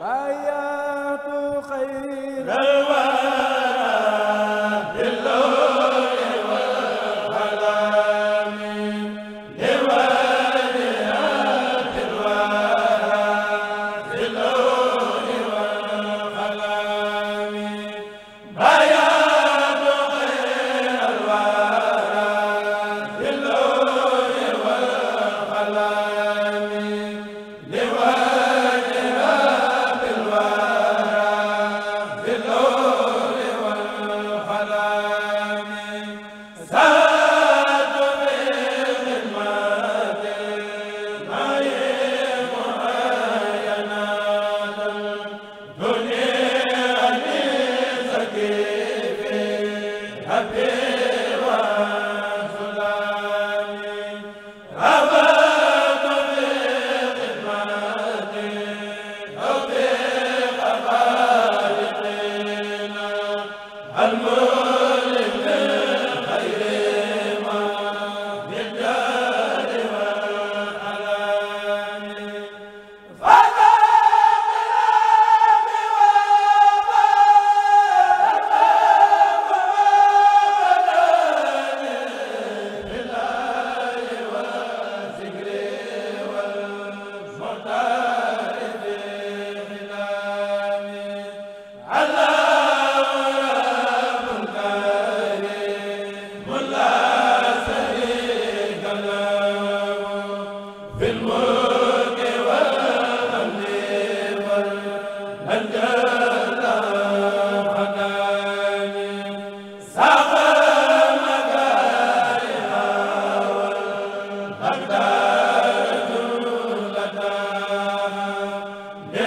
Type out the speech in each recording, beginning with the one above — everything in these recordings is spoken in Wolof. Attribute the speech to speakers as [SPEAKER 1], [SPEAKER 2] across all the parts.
[SPEAKER 1] bayaatu xayra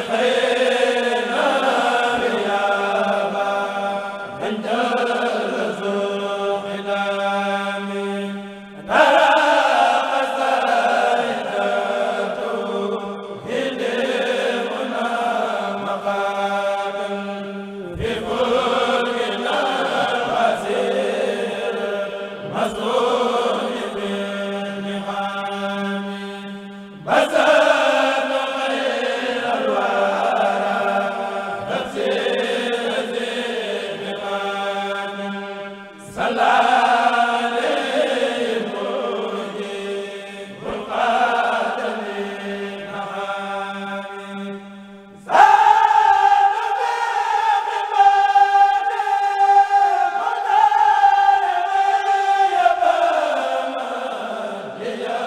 [SPEAKER 1] xëy yaa